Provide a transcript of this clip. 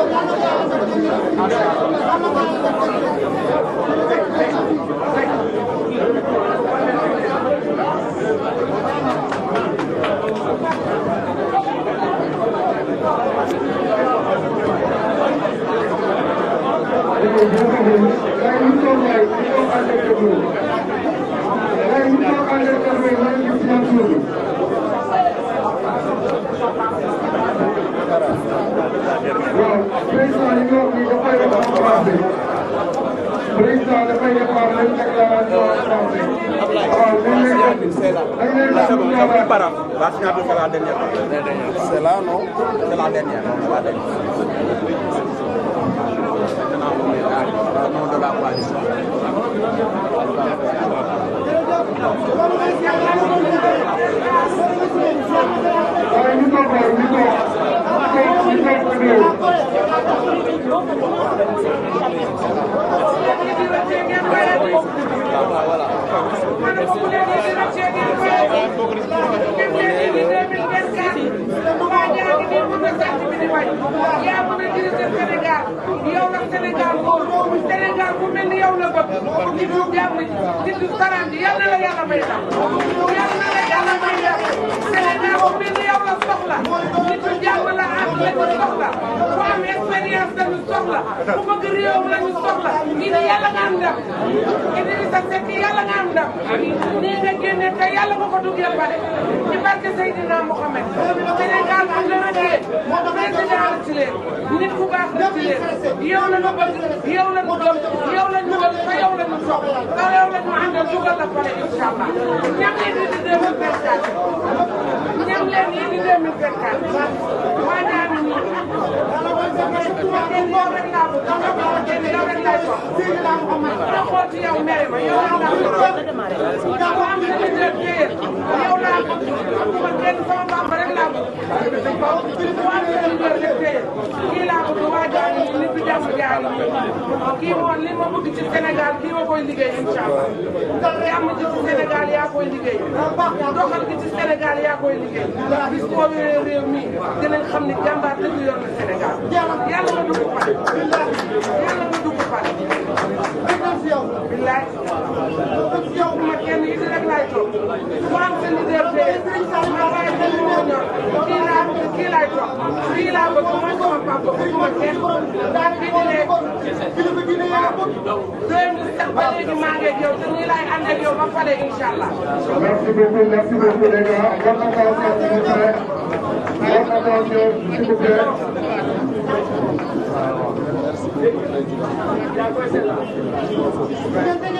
Thank you so much. président li nga wax nii dafay wax en français président dafay defar leen déclaration en français. waaw li ñu lay def da nga lay laaj lu ñaar baaraam. waaw si ñaar bi c'est la dernière. c'est là non c'est la dernière non c'est la dernière. Sénégal bu mel ni yow la bëgg. lañu soxla ku am expérience lañu soxla ku bëgg réewam lañu soxla kii di yàlla nga am ndam Idrissa Seck yàlla nga am ndam nii nga génne te yàlla nga ko duggee pare ci barke Seydina Mohamed Sénégal am na rëcc leen président rëcc leen nit ku baax rëcc leen yow la ñu bëgg yow la ñu doon yow la ñu doon fa yow la ñu soxla yow la ñu àndal dugal la pare incha allah kii moom li ma bëgg ci Sénégal kii ma koy liggéey incha allah. jàmm ji ci Sénégal yaa koy liggéey. doxal gi ci yaa koy liggéey. bis boo wéree réew mi dinañ xam ne jàmbaar dëgg yor na Sénégal yàlla na dugg yow ma kenn it rek laay toog ku am seen liberté ma bàyyi seen li ma ñor kii laa kii laay toog kii laa bëgg mooy sama papa bu ma kenn daal di ne kilifa gi ne yaa bëgg doyen bi sax ba léegi maa ngi ak yow te nii laay ànd ak yow ba pare incha allah. merci beaucoup merci beaucoup les gars war na koo seet si ñu pare war na koo ñëw s'il vous plaît. Merci beaucoup.